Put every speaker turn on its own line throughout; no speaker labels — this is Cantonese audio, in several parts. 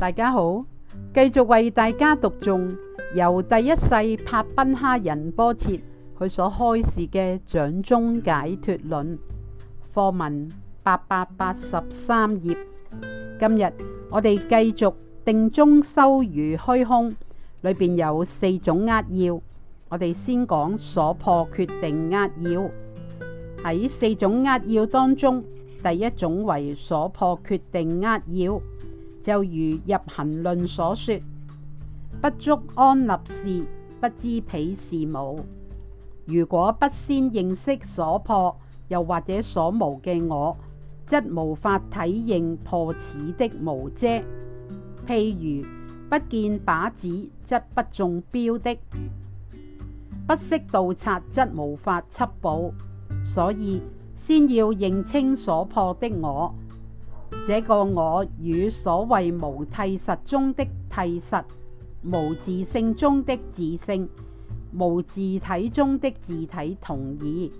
大家好，繼續為大家讀誦由第一世帕賓哈仁波切佢所開示嘅《掌中解脱論》課文八百八十三頁。今日我哋繼續定中修如虛空，裏邊有四種扼要，我哋先講所破決定扼要。喺四種扼要當中，第一種為所破決定扼要。就如入行論所說，不觸安立事，不知彼事無。如果不先認識所破又或者所無嘅我，則無法體認破此的無遮。譬如不見靶子則不中標的，不識盜賊則無法緝捕。所以先要認清所破的我。這個我與所謂無諦實中的諦實、無自性中的自性、無自體中的自體同義，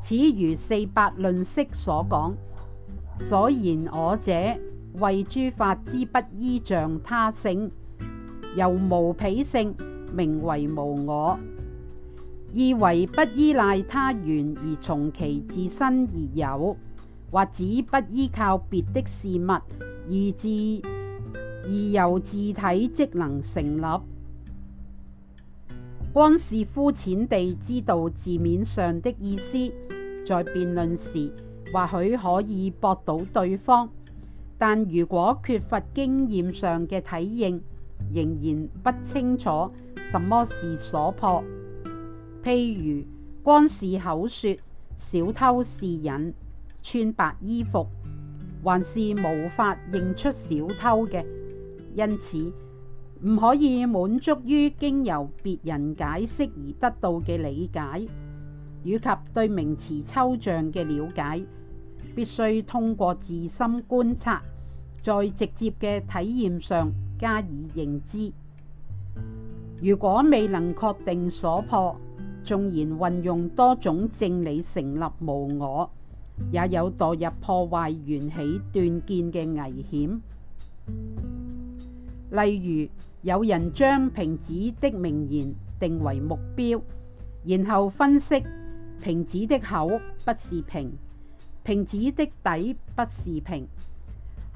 此如《四百論釋》所講：所言我者，謂諸法之不依仗他性，由無彼性，名為無我，意為不依賴他緣而從其自身而有。或只不依靠別的事物而自而由自體即能成立。光是膚淺地知道字面上的意思，在辯論時或許可以駁倒對方，但如果缺乏經驗上嘅體認，仍然不清楚什麼是所破。譬如，光是口説，小偷是隱，穿白衣服，還是無法認出小偷嘅。因此，唔可以滿足於經由別人解釋而得到嘅理解，以及對名詞抽象嘅了解，必須通過自心觀察，在直接嘅體驗上加以認知。如果未能確定所破，縱然運用多種正理成立無我。也有墮入破壞緣起斷見嘅危險。例如，有人將瓶子的名言定為目標，然後分析瓶子的口不是瓶，瓶子的底不是瓶。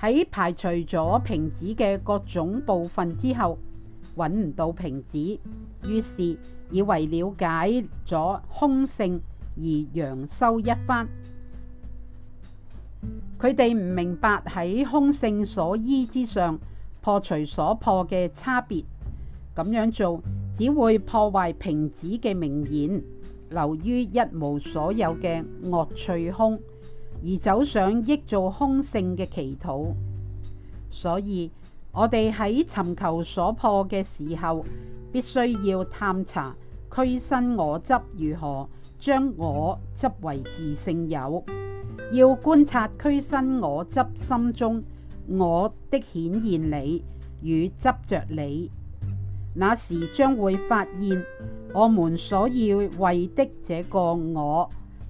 喺排除咗瓶子嘅各種部分之後，揾唔到瓶子，於是以為了解咗空性而佯修一番。佢哋唔明白喺空性所依之上破除所破嘅差別，咁樣做只會破壞瓶子嘅名言，流於一無所有嘅惡趣空，而走上臆造空性嘅歧途。所以我哋喺尋求所破嘅時候，必須要探查，俱生我執如何將我執為自性有。要觀察俱生我執心中我的顯現理與執著理，那時將會發現，我們所以為的這個我，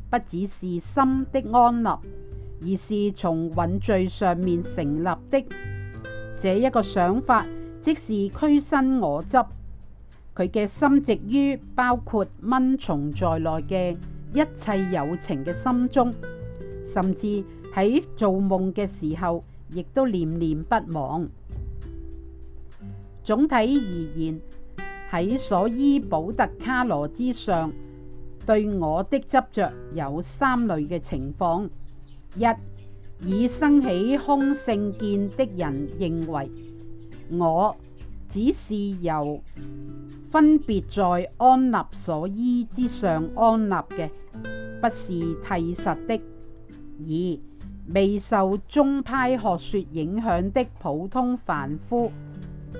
不只是心的安立，而是從蘊聚上面成立的這一個想法，即是俱生我執。佢嘅深植於包括蚊蟲在內嘅一切有情嘅心中。甚至喺做夢嘅時候，亦都念念不忘。總體而言，喺所依補特伽羅之上，對我的執着有三類嘅情況：一、已生起空性見的人認為，我只是由分別在安立所依之上安立嘅，不是諦實的。二、未受宗派學說影響的普通凡夫，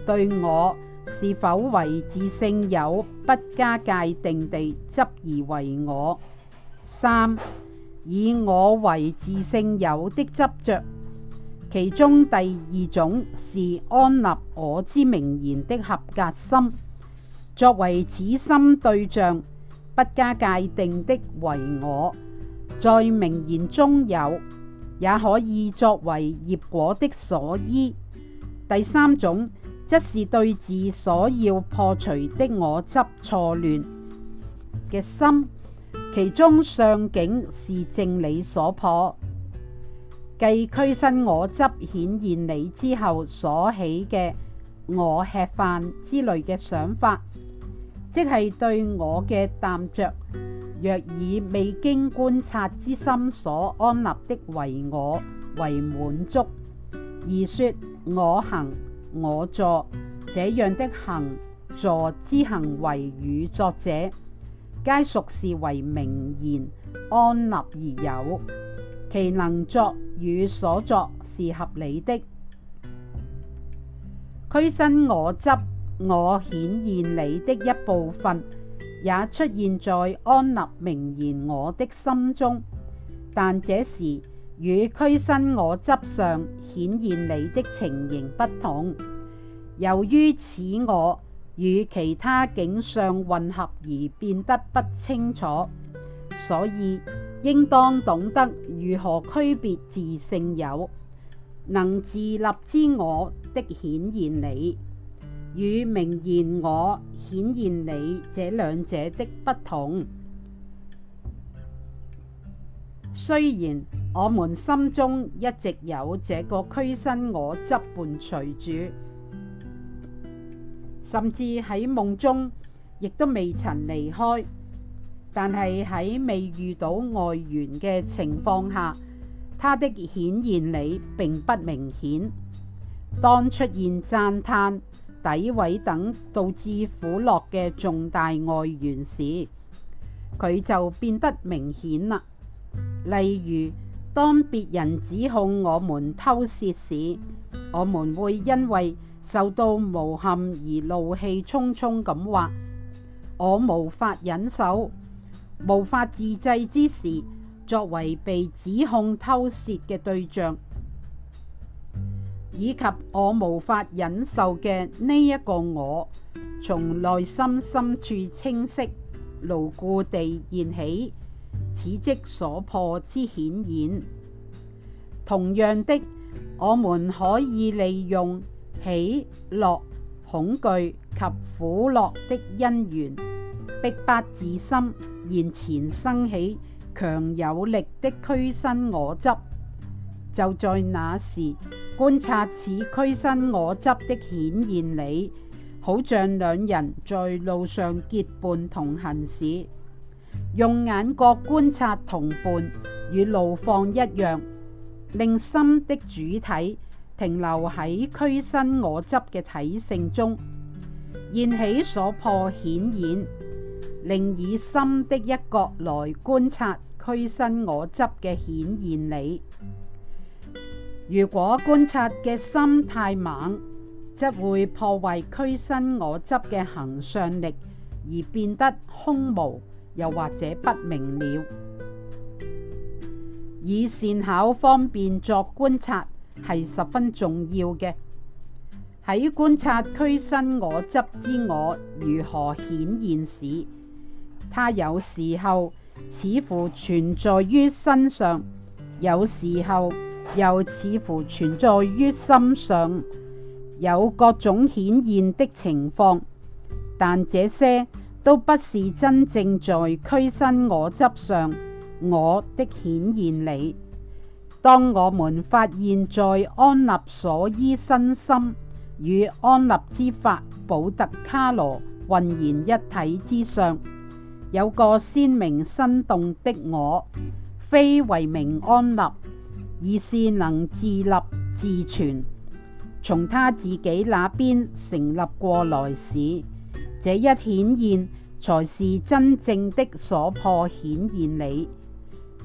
對我是否為自性有不加界定地執而為我。三、以我為自性有的執着，其中第二種是安立我之名言的合格心，作為此心對象，不加界定的唯我。在名言中有，也可以作為業果的所依。第三種，則是對治所要破除的我執錯亂嘅心，其行相境是正理所破，繼懼生我執顯現理之後所起嘅我吃飯之類嘅想法。即係對我嘅耽著，若以未經觀察之心所安立的為我為滿足，而說我行、我坐，這樣的行坐之行為與作者，皆屬是為名言安立而有，其能作與所作是合理的。俱生我執。我顯現理的一部分，也出現在安立名言我的心中，但這時與俱生我執上顯現理的情形不同。由於此我與其他境相混合而變得不清楚，所以應當懂得如何區別自性有能自立之我的顯現理。與名言我顯現理，這兩者的不同。雖然我們心中一直有這個俱生我執伴隨住，甚至喺夢中亦都未曾離開，但係喺未遇到外緣嘅情況下，它的顯現理並不明顯。當出現讚嘆、詆毀等導致苦樂嘅重大外緣時，佢就變得明顯啦。例如，當別人指控我們偷竊時，我們會因為受到誣陷而怒氣冲冲咁話：我無法忍受，無法自制之時，作為被指控偷竊嘅對象。以及我無法忍受嘅呢一個我，從內心深處清晰牢固地現起，此即所破之顯現。同樣的，我們可以利用喜、樂、恐懼及苦樂的因緣，逼迫自心現前生起強有力的俱生我執。就在那時。觀察此俱生我執的顯現理，好像兩人在路上結伴同行時，用眼角觀察同伴與路況一樣，令心的主體停留喺俱生我執嘅體性中，現起所破顯現，另以心的一角來觀察俱生我執嘅顯現理。如果觀察嘅心太猛，則會破壞俱生我執嘅行相力，而變得空無，又或者不明了。以善巧方便作觀察係十分重要嘅。喺觀察俱生我執之我如何顯現時，它有時候似乎存在於身上，有時候。又似乎存在於心上，有各種顯現的情況，但這些都不是真正在俱生我執上我的顯現理。當我們發現，在安立所依身心與安立之法補特伽羅混然一體之上，有個鮮明生動的我，非為名安立。而是能自立自存，從他自己那邊成立過來時，這一顯現才是真正的所破顯現理。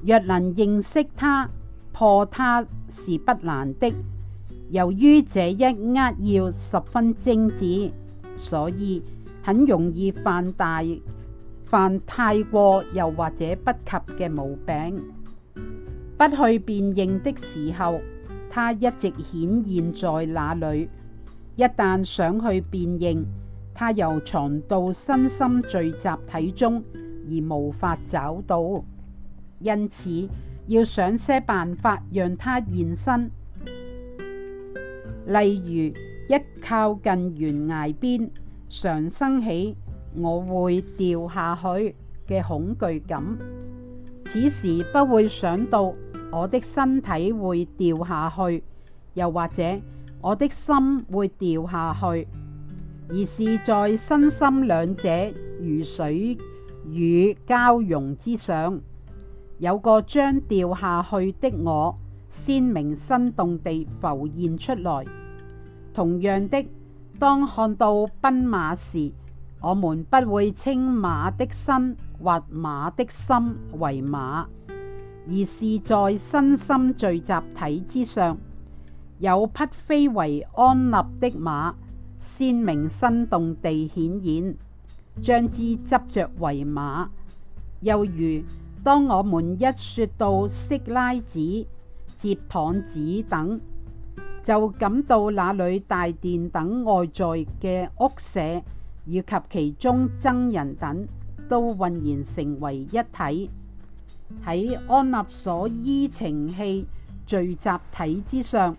若能認識它，破它是不難的。由於這一扼要十分精緻，所以很容易犯大犯太過又或者不及嘅毛病。不去辨認的時候，它一直顯現在那裡；一旦想去辨認，它又藏到身心聚集體中，而無法找到。因此，要想些辦法讓它現身，例如一靠近懸崖邊，常生起「我會掉下去」嘅恐懼感，此時不會想到，我的身體會掉下去，又或者我的心會掉下去，而是在身心兩者如水乳交融之上，有個將掉下去的我鮮明生動地浮現出來。同樣的，當看到奔馬時，我們不會稱馬的身或馬的心為馬。而是在身心聚集體之上，有匹非唯安立的馬，鮮明生動地顯現，將之執着為馬。又如，當我們一說到色拉寺、哲蚌寺等，就感到那裡大殿等外在嘅屋舍以及其中僧人等，都渾然成為一體。喺安立所依情器聚集體之上，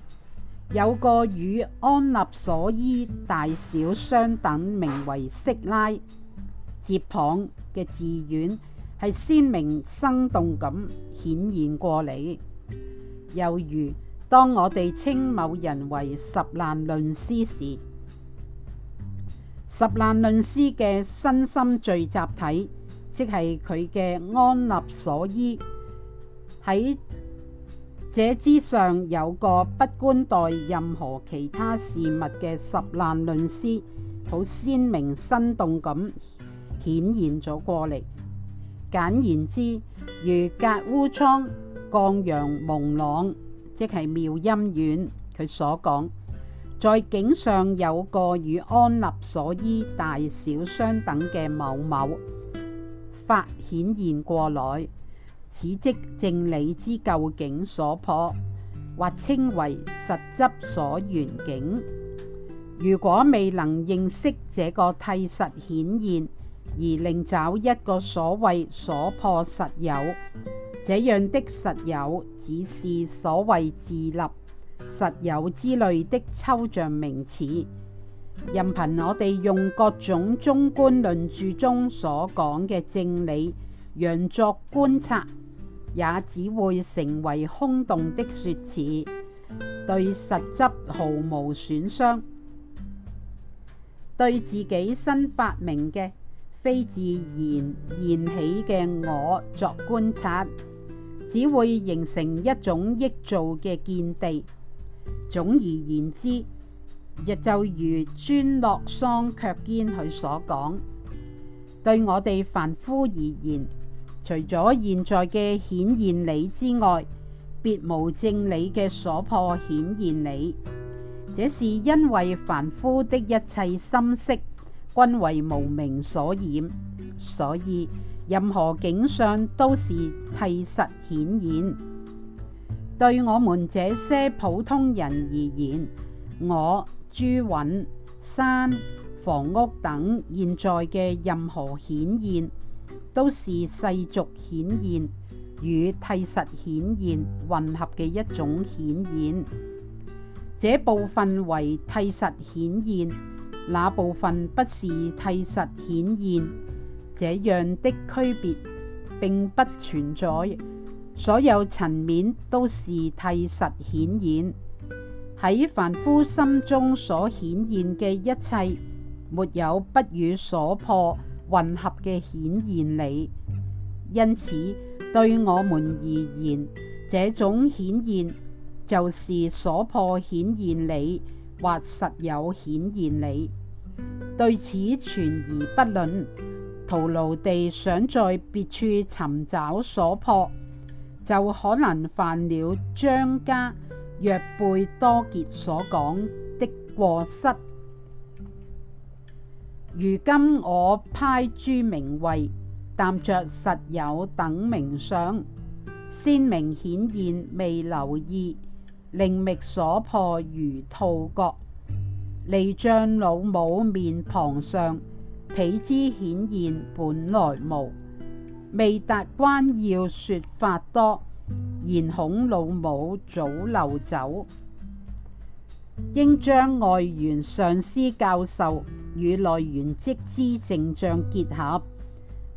有個與安立所依大小相等，名為色拉哲蚌嘅寺院，係鮮明生動咁顯現過嚟。又如當我哋稱某人為十難論師時，十難論師嘅身心聚集體。即係佢嘅安立所依，喺這之上，有個不觀待任何其他事物嘅十難論師，好鮮明生動咁顯現咗過嚟。簡言之，如格鄔倉絳央蒙朗，即係妙音願佢所講，在境上有個與安立所依大小相等嘅某某。法顯現過來，此即正理之究竟所破，或稱為實質所緣境。如果未能認識這個諦實顯現，而另找一個所謂所破實有，這樣的實有只是所謂自立實有之類的抽象名詞。任憑我哋用各種中觀論著中所講嘅正理，讓作觀察，也只會成為空洞的說辭，對實質毫無損傷。對自己新發明嘅非自然現起嘅我作觀察，只會形成一種臆造嘅見地。總而言之。亦就如尊洛桑卻堅佢所講，對我哋凡夫而言，除咗現在嘅顯現理之外，別無正理嘅所破顯現理。這是因為凡夫的一切心識均為無明所染，所以任何景象都是諦實顯現。對我們這些普通人而言，我。珠、雲、山、房屋等現在嘅任何顯現，都是世俗顯現與諦實顯現混合嘅一種顯現。這部分為諦實顯現，那部分不是諦實顯現。這樣的區別並不存在，所有層面都是諦實顯現。喺凡夫心中所顯現嘅一切，沒有不與所破混合嘅顯現理。因此對我們而言，這種顯現就是所破顯現理，或實有顯現理。對此存而不論，徒勞地想在別處尋找所破，就可能犯了張家。若貝多傑所講的過失，如今我批諸名位，談着實有等名相，鮮明顯現未留意，令覓所破如兔角，離將老母面龐上，彼之顯現本來無，未達關要説法多。然恐老母早流走，應將外緣上師教授與內緣積資淨障結合，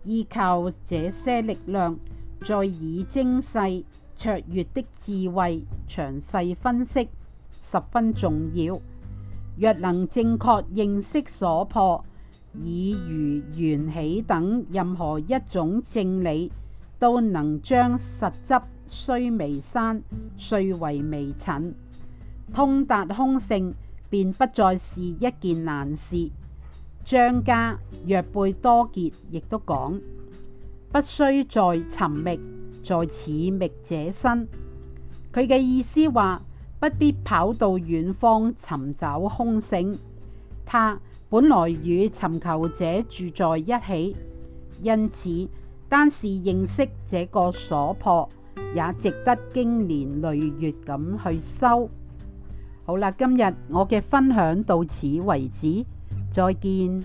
依靠這些力量，再以精細卓越的智慧詳細分析，十分重要。若能正確認識所破，以如緣起等任何一種正理，都能將實執。須彌山雖為微塵，通達空性便不再是一件難事。張家若貝多傑亦都講，不需再尋覓，在此覓者身。佢嘅意思話，不必跑到遠方尋找空性，他本來與尋求者住在一起，因此單是認識這個所破，也值得經年累月咁去修。好啦，今日我嘅分享到此為止，再見。